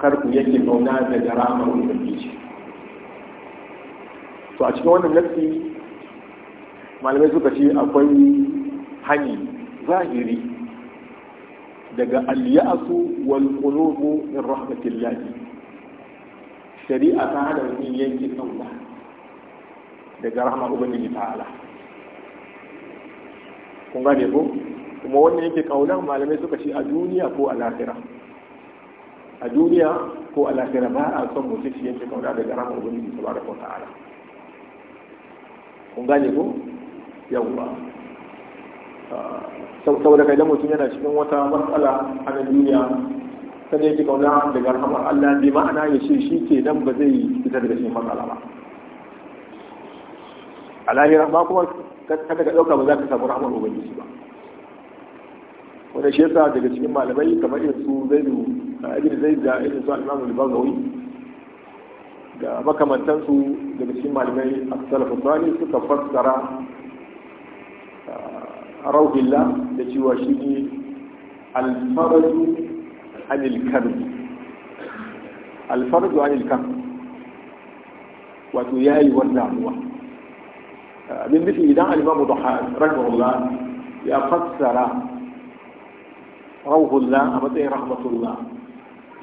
karku ku yake kauna daga ramar ubangiji to a cikin wannan nafi malamai suka ce akwai hani zahiri daga al-ya'su wal in rahmatin rahmatillah shari'a ta hada mutum yankin Allah daga rahmar ta Ala. kun gane ko kuma wannan yake kaunar malamai suka ce a duniya ko a lafira a duniya ko a lafira ba a son mutum shi yake kauna daga rahama ubangiji subhanahu wa Ala. kun gane ko yawwa ah, saboda kai don mutum yana cikin wata matsala a nan duniya ta da yake kauna daga alhamar Allah bi ma'ana ya ce shi ke nan ba zai fitar da shi matsala ba a lahira ba kuma ta daga ɗauka ba za ka samu rahmar ubangiji ba wanda shi yasa daga cikin malamai kamar yin su zai zai da irin su al'imamu libazawi da makamantansu daga cikin malamai a salafu sani suka fassara rauhilla da cewa shi ne alfaraju anil karbi alfaraju anil karbi wato ya yi wannan damuwa abin nufi idan alimamu da rahimahullah ya fassara rauhullah a matsayin rahmatullah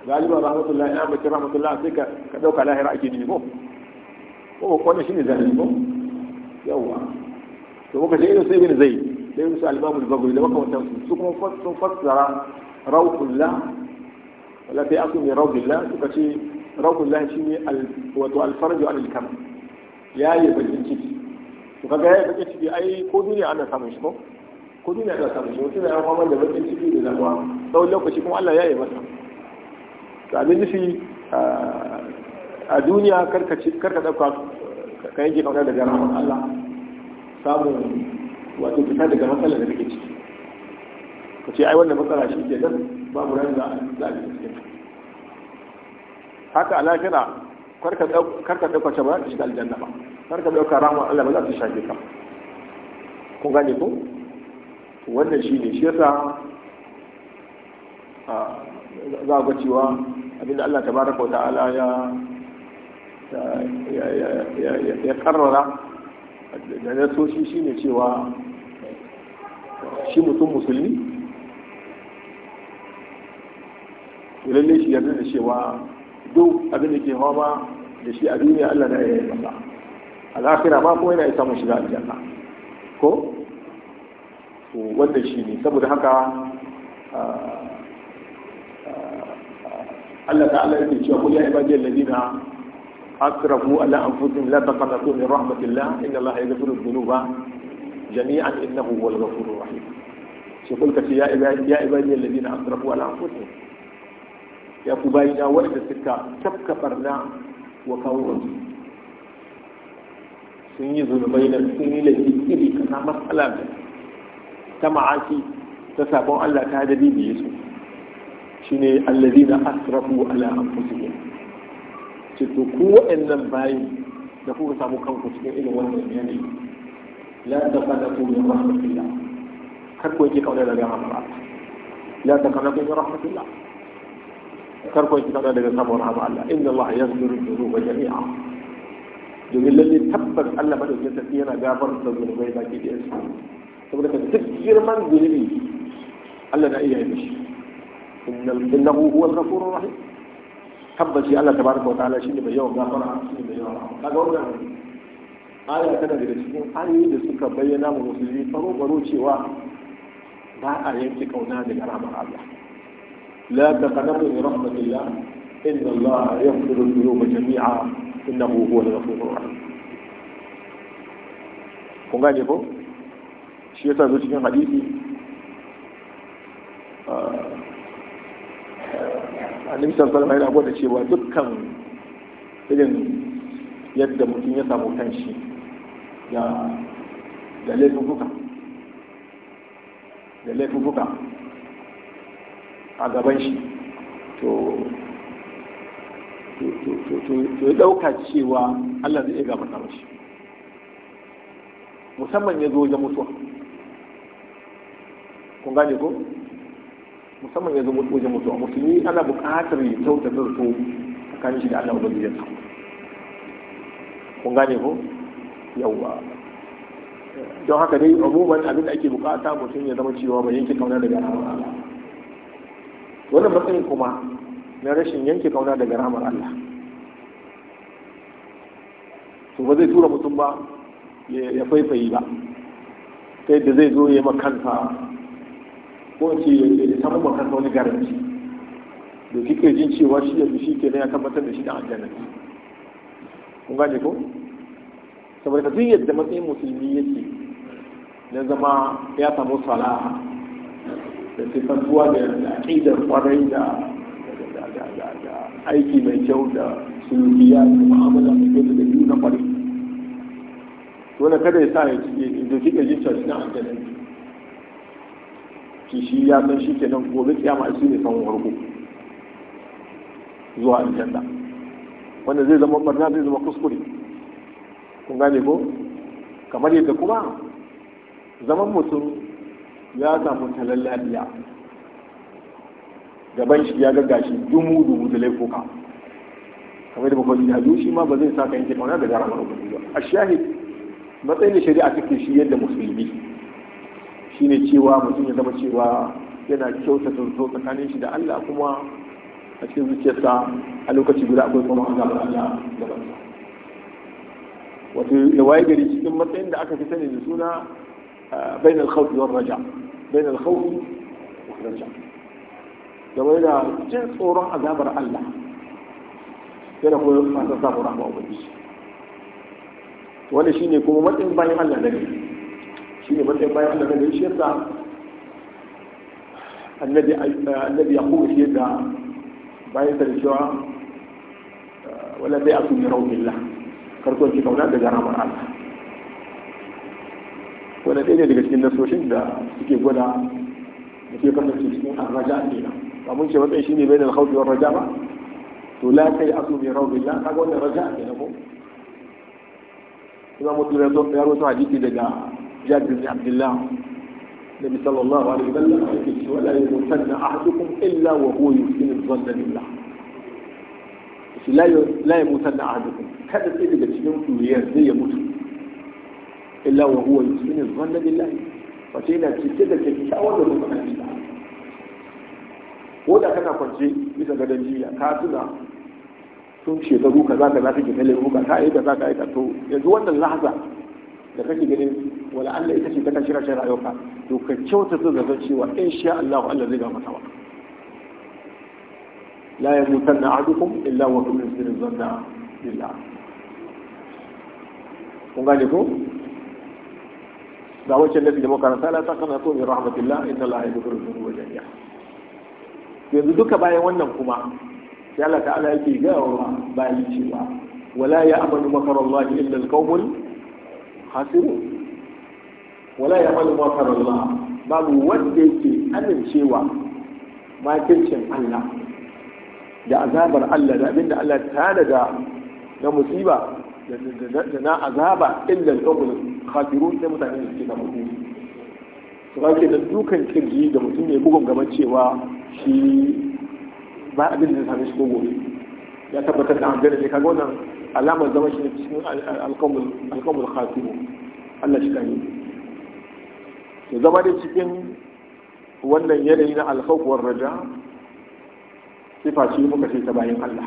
galiba rahmatullahi na bace rahmatullahi sai ka dauka lahira ake nemi ko ko ko ne shine zalimi ko yawa to ko sai ne sai ne zai sai musu al-imam al da baka wata su kuma sun fassara rawqullah wala fi asmi rawqullah suka ce rawqullah shine al wato al-farj an al-kam ya yi bakin ciki to kaga yayi bakin ciki ai ko duniya ana samun shi ko ko duniya ana samun shi mutum ya fama da bakin ciki da zawa tsawon lokaci kuma Allah ya yi masa to abin nufi a duniya karka ɗauka ka yanke kaunar daga rahon Allah samun wato fita daga matsalar da kake ciki ka ce ai wannan matsala shi ke nan babu ran za a yi cikin haka ala karka ɗauka ce ba za ta shiga aljanna ba karka ɗauka rahon Allah ba za ta shafe ka kun gane ku. wannan shi ne shi yasa za a ga cewa Abin da Allah tabaraka ta'ala ya ya karrara da na soshi shi ne cewa shi mutum musulmi lalle shi yarda da cewa duk abin da ke hawa da shi a duniya Allah na yi masa lafira ma kuma yana isa mashi shiga aljanna ko wanda shi ne saboda haka ah, ah, Allah ta'ala yake cewa kul ya ibadiyal ladina asrafu ala anfusihim la taqnatu min rahmatillah inna Allah yaghfiru dhunuba jami'an innahu huwal ghafurur rahim sai kulka ce ya ibadi ya ibadi alladina asrafu ala anfusihim ya ku bayi da wanda suka tafka barna wa kawo sun yi zunubai da sun yi laifi iri kana matsala ta ma'aki ta sabon Allah ta dabi biye su shine alladina asrafu ala anfusihim ce to ku wa'annan bayi da kuka samu kanku cikin irin wannan yanayi la taqanatu min rahmatillah kar ku yake kauna daga rahmat la taqanatu min rahmatillah kar ku yake kauna daga samun rahmat Allah inna Allah yaghfiru dhunuba jami'a domin lalle tabbas Allah madaukakin sarki yana gafarta zunubai baki da su saboda duk girman zunubi Allah na iya yi shi innahu huwal ghafurur rahim tabbaci Allah tabaraka wa ta'ala shine mai yawan gafara shine mai yawan rahama kaga wannan aya tana da suka bayyana mu musulmi faro faro cewa ba a yanke kauna daga rahmar Allah la taqnatu min rahmatillah inna Allah yaghfiru jami'a kun gane ko shi yasa zo cikin hadisi annabi sallallahu alaihi wasallam yana cewa dukkan irin yadda mutum ya samu kanshi ya da kuka, da kuka a gaban shi to ya dauka cewa Allah zai iya gafarta mashi musamman ya zo wajen mutuwa kun gane ko musamman ya yanzu wajen mutuwa musulmi ana buƙatar ya kyauta da su tsakanin shi da Allah ubangijinsa kun gane ko yawwa don haka dai abubuwan abin da ake bukata mutum ya zama cewa bai yanke kauna daga rahmar Allah wannan matsayin kuma na rashin yanke kauna daga rahmar Allah to ba zai tura mutum ba ya faifayi ba ta yadda zai zo ya makanta ko ce ya samu makan wani garanti da kika jin cewa shi yanzu shi ke ya tabbatar da shi dan aljanna kun gane ko saboda duk yadda matsayin musulmi yake na zama ya samu salaha da sifantuwa da aƙidar kwarai da aiki mai kyau da sulukiya da ma'amala mai kyau da biyu na kwarai dole kada ya sa ya doki kika jin cewa shi na aljanna shi shi ya san shi kenan gobe kiyama shi ne san warko zuwa aljanna wanda zai zama barna zai zama kuskure kun gane ko kamar yadda kuma zaman mutum ya samu talan lafiya gaban shi ya gaga shi dumu dumu da laifuka kamar da bakwai jihadu shi ma ba zai sa ka yanke kauna da mara ubangiji ba a shahid matsayin shari'a take shi yadda musulmi shine cewa mutum ya zama cewa yana kyautata zo tsakanin shi da Allah kuma a cikin zuciyarsa a lokaci guda akwai kuma azabar Allah da bansa wato da waye gari cikin matsayin da aka fi sani da suna bayan alkhawfi wa raja bayan alkhawfi wa raja da wai da jin tsoron azabar Allah yana kuma fasa samun rahama Wani shi ne kuma matsayin bayan Allah da ne shi ne matsayin bayan Allah na shi yasa annabi annabi yaqub shi da bayan da ah, wala bai asu min rawillah karko ki kauna daga ramar Allah wanda ɗaya ne daga cikin nasoshin da suke gwada da ke kasance cikin arraja ne na ba mun ce matsayin shi bai da alkhawfi wa raja ba to la ko kuma جاد بن عبد الله النبي صلى الله عليه وسلم ولا يمتن احدكم الا وهو يحسن الظن لله لا لا يمتن احدكم هذا الذي بتشوفه في الرياض يموت الا وهو يحسن الظن لله فتينا تشتد تتشاور من الله وده كان كنتي مثل جدنجيا كاتنا sun shekaru kaza kaza kike kalle ruka ka yi kaza ka yi ka to yanzu wannan lahaza da kake ganin wala Allah ita ce ta kashi rashin rayuwarka to ka kyauta su zaton cewa in sha Allah Allah zai gama tawa la ya mutan na adukum illa wa kullum sirin zanna lillah kun gane ko ga wancan nabi da makaranta la ta kana to min rahmatillah inna la yaghfiru dhunuba jami'a yanzu duka bayan wannan kuma sai Allah ta'ala yake ga wa bayan cewa wala ya amanu makarallahi illa alqawmul hasirun wala ya malu makar babu wanda yake amincewa makircin Allah da azabar Allah da abinda Allah ta daga na musiba da na azaba illa al kafiru khatirun sai mutane da suke da mutum da dukan kirji da mutum ne bugun gaban cewa shi ba abin da sami shi gobe ya tabbatar da amgare ne kaga wannan alamar zama shi ne cikin al kafiru. Allah shi ya zama da cikin wannan yanayi na alfawar raja sifa ce muka ce ta bayan Allah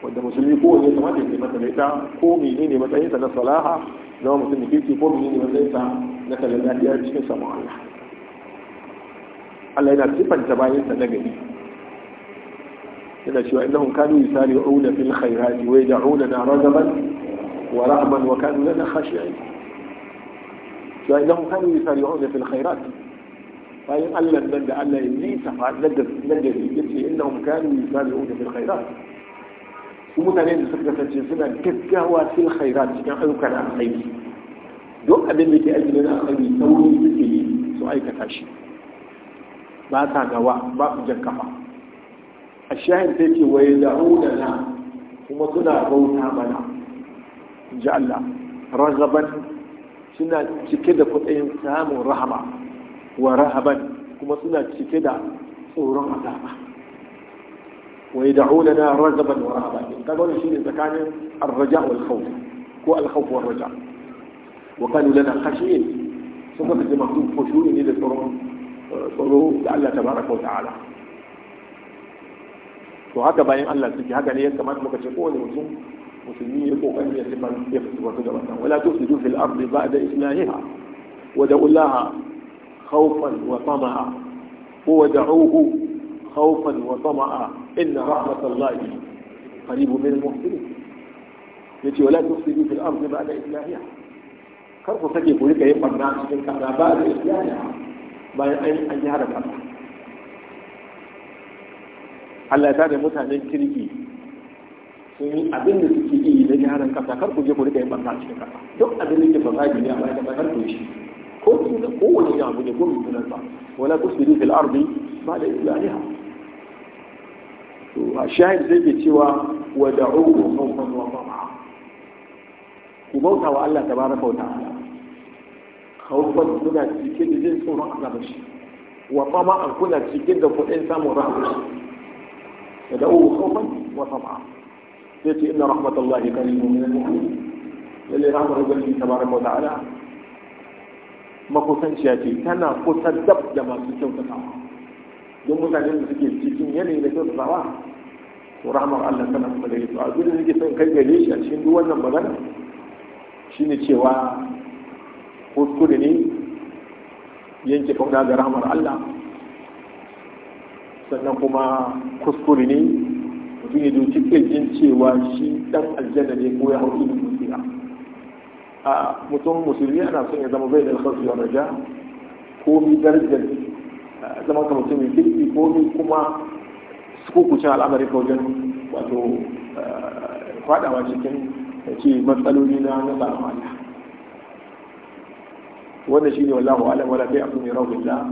wanda musulmi ko ne kamata ya mata da ita ko mene ne matsayinsa na salaha zama mutum da kirki ko mene ne matsayinsa na kalan lafiya cikin samun Allah Allah yana sifanta bayansa na gari yana cewa innahum kanu yusari'una fil khairati wa yad'una ragaban wa rahman wa kanu lana khashi'in cewa idan kanu yusari'una fil khairat bayan Allah nan da Allah ya nisa nan da nan da shi yace innahum kanu yusari'una fil khairat su mutane da suka kasance suna gaggawa fil cikin ayyukan alkhairi duk abin da ke aiki na alkhairi sauri suke yi su aikata shi ba ta gawa ba su kafa a shahin sai wai kuma suna bauta mana ji Allah ragaban suna cike da kuɗin samun rahama wa rahaban kuma suna cike da tsoron azaba wa yad'una na ragaban wa rahaban kaga shi ne tsakanin arraja raja wal khawf ko al-khawf wal raja wa kanu lana khashiyin sun ka ji maktub khushu'i ne da tsoron tsoro da Allah tabaraka wa ta'ala to haka bayan Allah suke haka ne ya kamata muka ce kowane mutum المسلمين يقوم أن يتم يفتح ولا تفسدوا في الأرض بعد إسلامها ودعوا الله خوفا وطمعا هو خوفا وطمعا إن رحمة الله قريب من المحسنين يتي ولا تفسدوا في الأرض بعد إسلامها كيف تجيب لك يبقى الناس من كهرباء إسلامها bayan an yi harafa Allah ya tada mutanen sun yi abin da suke yi da gyaran kasa kar ku je ku rika yin barna a cikin kasa duk abin da ke fasadi ne a bayan kasa kar ku yi shi ko kin da kowane ya abu ne ko mun tunan ba wala tusbiru fil ardi ba da islahiha to a shahid zai ke cewa wa da'uhu khawfan wa tama'a ku bauta wa Allah tabaraka wa ta'ala khawfan kuna cikin da jin tsoron azabar shi wa tama'an kuna cikin da kuɗin samun rahama da da'uhu khawfan wa tama'a sai ce inna rahmatullahi qaribun min al-mu'minin lalle rahmar ubangiji tabaraka wa ta'ala makusanciya ce tana kusa dab da masu kyautatawa don mutanen da suke cikin yanayi da kyautatawa to rahmar Allah tana kuma da yato abin da nake son kai gare shi a cikin duk wannan magana shine cewa kuskure ne yanke kauna ga rahmar Allah sannan kuma kuskure ne mutum ya doki kirkin cewa shi dan aljanna ne ko ya hau ibi dukiya a mutum musulmi ana son ya zama bai da alkhawfi wa raja ko mi darajar zama ka mutum mai kirki ko mi kuma sukukucin al'amari ka wajen wato fadawa cikin ce matsaloli na na tsaron Allah shi shine wallahu alam wala bai abu mai rahu da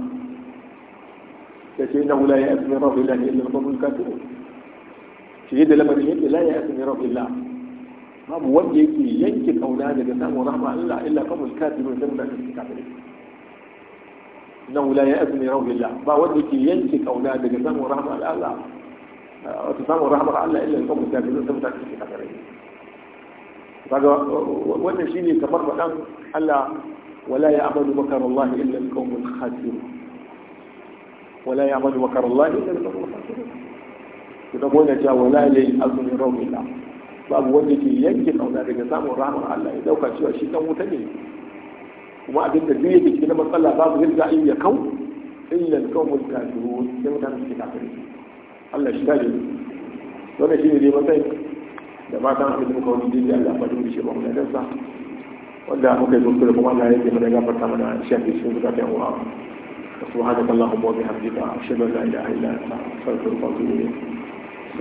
ya ce na wula ya abu mai rahu da ne ilmin kafin kafin shi da lamarin yake la ya asini rabbi Allah babu wanda yake yanke kauna daga samun rahma Allah illa kamul kafirun dan da kake kafiri nan la ya asini rabbi Allah ba wanda yake yanke kauna daga samun rahma Allah wata samun rahmar Allah illa kamul kafirun dan da kake kafiri kaga wannan shine kamar fadan Allah ولا يعمل مكر الله إلا القوم الخاسرون ولا يعمل مكر الله إلا القوم الخاسرون su da gona cewa wala ilai azumi rawmila babu wanda ke yanke kauna daga samun rahmar Allah ya dauka cewa shi dan wuta ne kuma abin da duk yake cikin matsala babu yadda in ya kau illa al-qawmul kafirun sai mutane suke kafiri Allah shi kare wannan ne dai matsayin da fatan abin da muka wani dai Allah ba dole shi ba mu da sa wanda muka yi kuskure kuma Allah ya yi mana gafarta mana shafi shi da ta yawa subhanakallahumma wa bihamdika ashhadu an la ilaha illa anta astaghfiruka wa atubu